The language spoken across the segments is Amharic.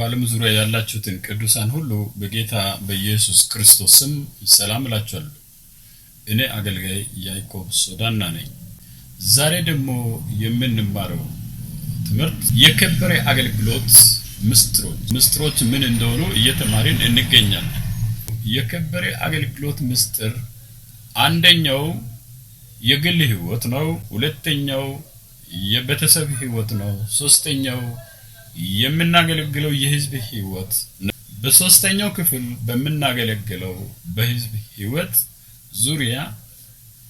በዓለም ዙሪያ ያላችሁትን ቅዱሳን ሁሉ በጌታ በኢየሱስ ክርስቶስ ስም ሰላም እላችኋለሁ። እኔ አገልጋይ ያዕቆብ ሶዳና ነኝ። ዛሬ ደግሞ የምንማረው ትምህርት የከበረ አገልግሎት ምስጢሮች ምስጢሮች ምን እንደሆኑ እየተማርን እንገኛለን። የከበረ አገልግሎት ምስጢር አንደኛው የግል ህይወት ነው። ሁለተኛው የቤተሰብ ህይወት ነው። ሶስተኛው የምናገለግለው የህዝብ ህይወት በሶስተኛው ክፍል በምናገለግለው በህዝብ ህይወት ዙሪያ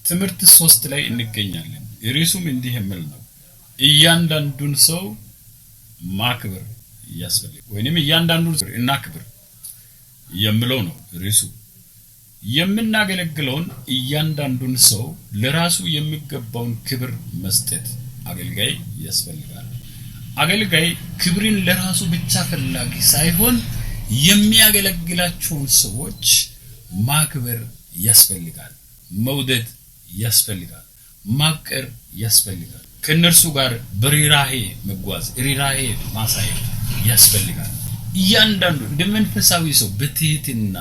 ትምህርት ሶስት ላይ እንገኛለን። ርዕሱም እንዲህ የሚል ነው። እያንዳንዱን ሰው ማክበር ያስፈልግ ወይንም እያንዳንዱን ሰው እናክብር የሚለው ነው ርዕሱ። የምናገለግለውን እያንዳንዱን ሰው ለራሱ የሚገባውን ክብር መስጠት አገልጋይ ያስፈልጋል። አገልጋይ ክብርን ለራሱ ብቻ ፈላጊ ሳይሆን የሚያገለግላቸውን ሰዎች ማክበር ያስፈልጋል፣ መውደድ ያስፈልጋል፣ ማቀር ያስፈልጋል። ከእነርሱ ጋር በሪራሄ መጓዝ ሪራሄ ማሳየት ያስፈልጋል። እያንዳንዱ እንደ መንፈሳዊ ሰው በትህትና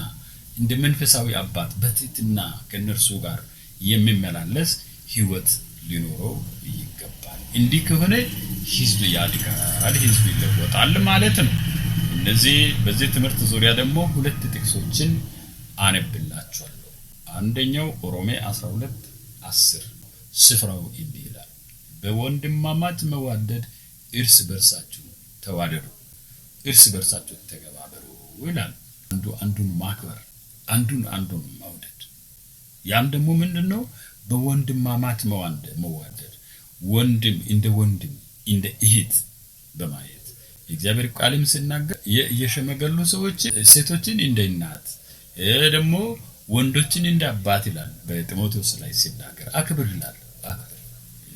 እንደ መንፈሳዊ አባት በትህትና ከእነርሱ ጋር የሚመላለስ ህይወት ሊኖረው ይገባል። እንዲህ ከሆነ ህዝብ ያድጋል፣ ህዝብ ይለወጣል ማለት ነው። እነዚህ በዚህ ትምህርት ዙሪያ ደግሞ ሁለት ጥቅሶችን አነብላችኋለሁ። አንደኛው ኦሮሜ 12 10 ስፍራው እንዲህ ይላል፣ በወንድማማች መዋደድ እርስ በርሳችሁ ተዋደዱ፣ እርስ በርሳችሁ ተገባበሩ ይላል። አንዱ አንዱን ማክበር፣ አንዱን አንዱን ማውደድ ያም ደግሞ ምንድን ነው በወንድማማች መዋደድ ወንድም እንደ ወንድም እንደ እህት በማየት የእግዚአብሔር ቃልም ስናገር የሸመገሉ ሰዎች ሴቶችን እንደ እናት ደግሞ ወንዶችን እንደ አባት ይላል። በጢሞቴዎስ ላይ ሲናገር አክብር ይላል።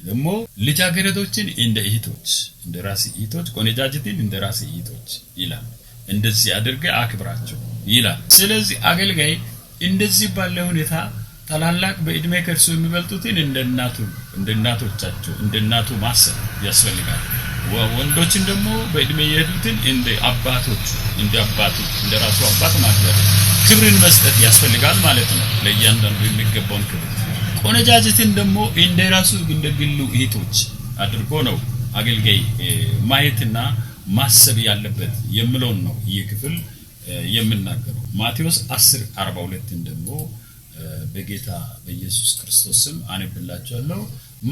ደግሞ ልጃገረዶችን እንደ እህቶች እንደ ራስ እህቶች፣ ቆነጃጅትን እንደ ራስ እህቶች ይላል። እንደዚህ አድርገ አክብራቸው ይላል። ስለዚህ አገልጋይ እንደዚህ ባለ ሁኔታ ታላላቅ በእድሜ ከእርሱ የሚበልጡትን እንደ እናቱ እንደ እናቶቻቸው እንደ እናቱ ማሰብ ያስፈልጋል። ወንዶችን ደግሞ በእድሜ የሄዱትን እንደ አባቶቹ እንደ አባቱ እንደ ራሱ አባት ማክበር ክብርን መስጠት ያስፈልጋል ማለት ነው። ለእያንዳንዱ የሚገባውን ክብር ቆነጃጅትን ደግሞ እንደ ራሱ እንደ ግሉ እህቶች አድርጎ ነው አገልጋይ ማየትና ማሰብ ያለበት የምለውን ነው ይህ ክፍል የምናገረው። ማቴዎስ 10 42 ደግሞ በጌታ በኢየሱስ ክርስቶስ ስም አነብላችኋለሁ።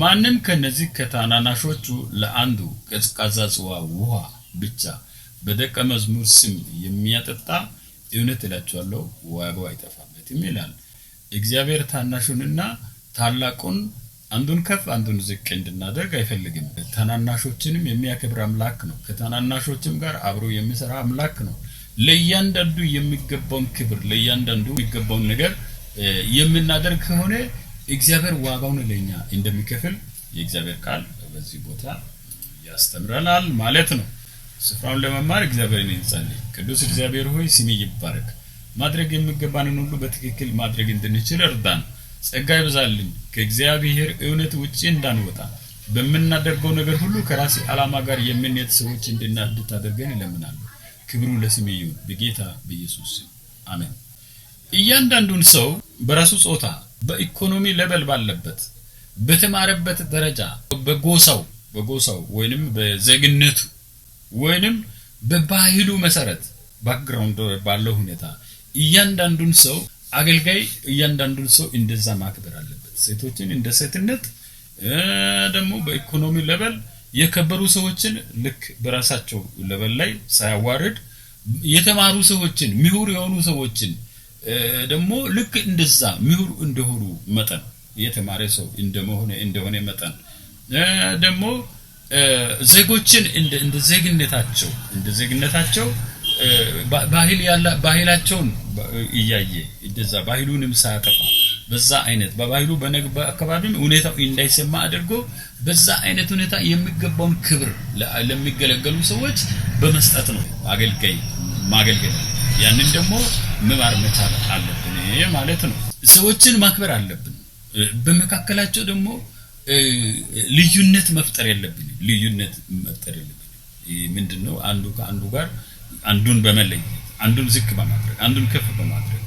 ማንም ከነዚህ ከታናናሾቹ ለአንዱ ቀዝቃዛ ጽዋ ውሃ ብቻ በደቀ መዝሙር ስም የሚያጠጣ እውነት እላችኋለሁ ዋጋው አይጠፋበትም ይላል። እግዚአብሔር ታናሹንና ታላቁን አንዱን ከፍ አንዱን ዝቅ እንድናደርግ አይፈልግም። ታናናሾችንም የሚያከብር አምላክ ነው። ከታናናሾችም ጋር አብሮ የሚሰራ አምላክ ነው። ለእያንዳንዱ የሚገባውን ክብር፣ ለእያንዳንዱ የሚገባውን ነገር የምናደርግ ከሆነ እግዚአብሔር ዋጋውን ለኛ እንደሚከፍል የእግዚአብሔር ቃል በዚህ ቦታ ያስተምረናል ማለት ነው። ስፍራውን ለመማር እግዚአብሔርን እንጸልይ። ቅዱስ እግዚአብሔር ሆይ ስሜ ይባረክ። ማድረግ የሚገባንን ሁሉ በትክክል ማድረግ እንድንችል እርዳን። ጸጋ ይብዛልን። ከእግዚአብሔር እውነት ውጪ እንዳንወጣ በምናደርገው ነገር ሁሉ ከራሴ ዓላማ ጋር የምንሄድ ሰዎች እንድታደርገን እለምናለሁ። ክብሩ ለስሜ ይሁን በጌታ በኢየሱስ አሜን። እያንዳንዱን ሰው በራሱ ጾታ፣ በኢኮኖሚ ሌበል ባለበት፣ በተማረበት ደረጃ፣ በጎሳው በጎሳው ወይንም በዜግነቱ ወይንም በባህሉ መሰረት ባክግራውንድ ባለው ሁኔታ እያንዳንዱን ሰው አገልጋይ እያንዳንዱን ሰው እንደዛ ማክበር አለበት። ሴቶችን እንደ ሴትነት ደግሞ በኢኮኖሚ ሌበል የከበሩ ሰዎችን ልክ በራሳቸው ሌበል ላይ ሳያዋርድ የተማሩ ሰዎችን ምሁር የሆኑ ሰዎችን ደግሞ ልክ እንደዛ ምሁሩ እንደሆኑ መጠን የተማረ ሰው እንደመሆነ እንደሆነ መጠን ደግሞ ዜጎችን እንደ ዜግነታቸው እንደ ዜግነታቸው ባህል ያላ ባህላቸውን እያየ እንደዛ ባህሉንም ሳያጠፋ በዛ አይነት በባህሉ በነግባ አካባቢም ሁኔታው እንዳይሰማ አድርጎ በዛ አይነት ሁኔታ የሚገባውን ክብር ለሚገለገሉ ሰዎች በመስጠት ነው አገልጋይ ማገልገል ያንን ደግሞ መማር መቻል አለብን ማለት ነው። ሰዎችን ማክበር አለብን። በመካከላቸው ደግሞ ልዩነት መፍጠር የለብንም። ልዩነት መፍጠር የለብንም። ምንድን ነው አንዱ ከአንዱ ጋር አንዱን በመለየት አንዱን ዝቅ በማድረግ አንዱን ከፍ በማድረግ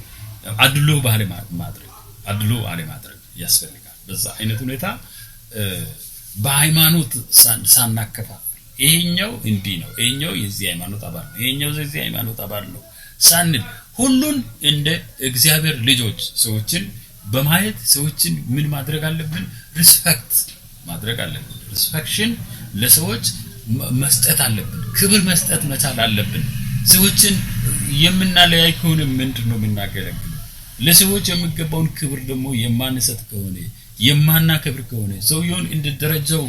አድሎ ባህል ማድረግ አድሎ አለ ማድረግ ያስፈልጋል። በዛ አይነት ሁኔታ በሃይማኖት ሳናከፋፍል ይሄኛው እንዲህ ነው፣ ይሄኛው የዚህ ሃይማኖት አባል ነው፣ ይሄኛው የዚህ ሃይማኖት አባል ነው ሳንል ሁሉን እንደ እግዚአብሔር ልጆች ሰዎችን በማየት ሰዎችን ምን ማድረግ አለብን? ሪስፔክት ማድረግ አለብን። ሪስፔክሽን ለሰዎች መስጠት አለብን። ክብር መስጠት መቻል አለብን። ሰዎችን የምናለያይ ከሆነ ምንድን ነው የምናገለግለው? ለሰዎች የሚገባውን ክብር ደግሞ የማንሰጥ ከሆነ የማናከብር ከሆነ ሰውየውን እንደ ደረጃው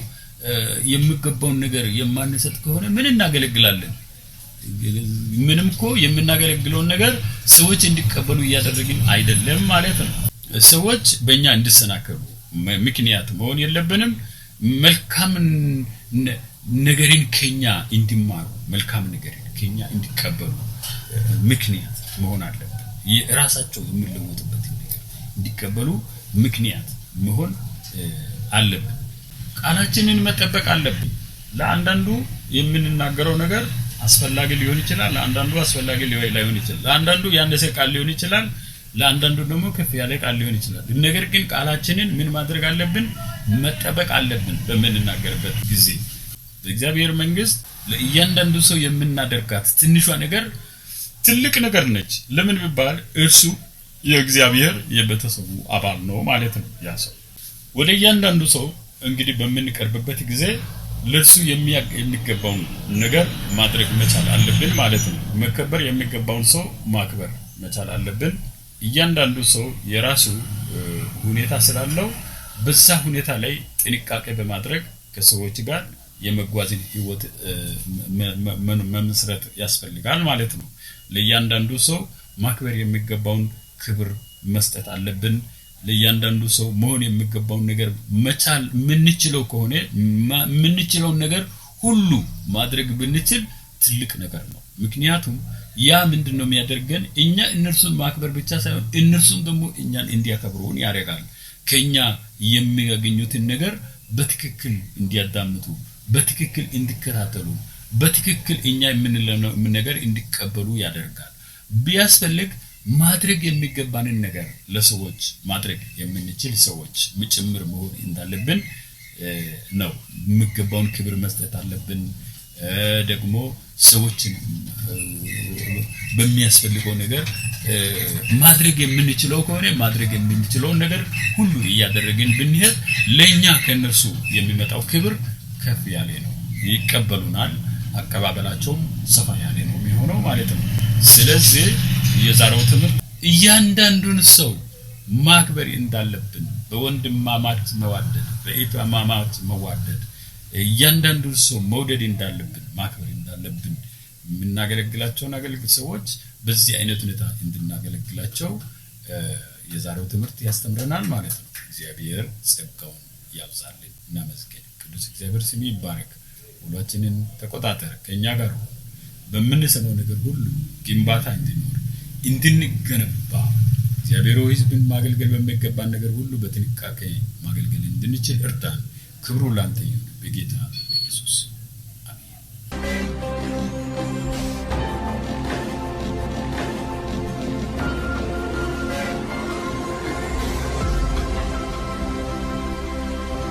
የሚገባውን ነገር የማንሰጥ ከሆነ ምን እናገለግላለን? ምንም እኮ የምናገለግለውን ነገር ሰዎች እንዲቀበሉ እያደረግን አይደለም ማለት ነው። ሰዎች በእኛ እንዲሰናከሉ ምክንያት መሆን የለብንም። መልካም ነገርን ከኛ እንዲማሩ፣ መልካም ነገርን ከኛ እንዲቀበሉ ምክንያት መሆን አለብን። ራሳቸው የሚለወጡበትን ነገር እንዲቀበሉ ምክንያት መሆን አለብን። ቃላችንን መጠበቅ አለብን። ለአንዳንዱ የምንናገረው ነገር አስፈላጊ ሊሆን ይችላል። ለአንዳንዱ አስፈላጊ ላይሆን ይችላል። ለአንዳንዱ ያነሰ ቃል ሊሆን ይችላል። ለአንዳንዱ ደግሞ ከፍ ያለ ቃል ሊሆን ይችላል። ነገር ግን ቃላችንን ምን ማድረግ አለብን? መጠበቅ አለብን። በምንናገርበት ጊዜ በእግዚአብሔር መንግስት ለእያንዳንዱ ሰው የምናደርጋት ትንሿ ነገር ትልቅ ነገር ነች። ለምን ቢባል እርሱ የእግዚአብሔር የቤተሰቡ አባል ነው ማለት ነው። ያ ሰው ወደ እያንዳንዱ ሰው እንግዲህ በምንቀርብበት ጊዜ ለሱ የሚገባውን ነገር ማድረግ መቻል አለብን ማለት ነው። መከበር የሚገባውን ሰው ማክበር መቻል አለብን። እያንዳንዱ ሰው የራሱ ሁኔታ ስላለው በዛ ሁኔታ ላይ ጥንቃቄ በማድረግ ከሰዎች ጋር የመጓዝን ህይወት መመስረት ያስፈልጋል ማለት ነው። ለእያንዳንዱ ሰው ማክበር የሚገባውን ክብር መስጠት አለብን። ለእያንዳንዱ ሰው መሆን የሚገባውን ነገር መቻል የምንችለው ከሆነ የምንችለውን ነገር ሁሉ ማድረግ ብንችል ትልቅ ነገር ነው። ምክንያቱም ያ ምንድን ነው የሚያደርገን እኛ እነርሱን ማክበር ብቻ ሳይሆን እነርሱም ደግሞ እኛን እንዲያከብሩን ያደርጋል። ከኛ የሚያገኙትን ነገር በትክክል እንዲያዳምጡ፣ በትክክል እንዲከታተሉ፣ በትክክል እኛ የምንለው ነገር እንዲቀበሉ ያደርጋል ቢያስፈልግ ማድረግ የሚገባንን ነገር ለሰዎች ማድረግ የምንችል ሰዎች ጭምር መሆን እንዳለብን ነው። የሚገባውን ክብር መስጠት አለብን። ደግሞ ሰዎችን በሚያስፈልገው ነገር ማድረግ የምንችለው ከሆነ ማድረግ የምንችለውን ነገር ሁሉ እያደረግን ብንሄድ ለእኛ ከእነርሱ የሚመጣው ክብር ከፍ ያለ ነው። ይቀበሉናል። አቀባበላቸውም ሰፋ ያለ ነው የሚሆነው ማለት ነው። ስለዚህ የዛሬው ትምህርት እያንዳንዱን ሰው ማክበር እንዳለብን በወንድማማች መዋደድ፣ በኢታማማች መዋደድ እያንዳንዱን ሰው መውደድ እንዳለብን ማክበር እንዳለብን የምናገለግላቸውን አገልግል ሰዎች በዚህ አይነት ሁኔታ እንድናገለግላቸው የዛሬው ትምህርት ያስተምረናል ማለት ነው። እግዚአብሔር ጸጋውን ያብዛልን። እናመስገን። ቅዱስ እግዚአብሔር ስም ይባረክ። ውሏችንን ተቆጣጠር፣ ከእኛ ጋር በምንሰማው ነገር ሁሉ ግንባታ እንዲኖር እንድንገነባ እግዚአብሔር ሕዝብን ማገልገል በሚገባን ነገር ሁሉ በጥንቃቄ ማገልገል እንድንችል እርዳን። ክብሩ ላንተ ይሁን በጌታ በኢየሱስ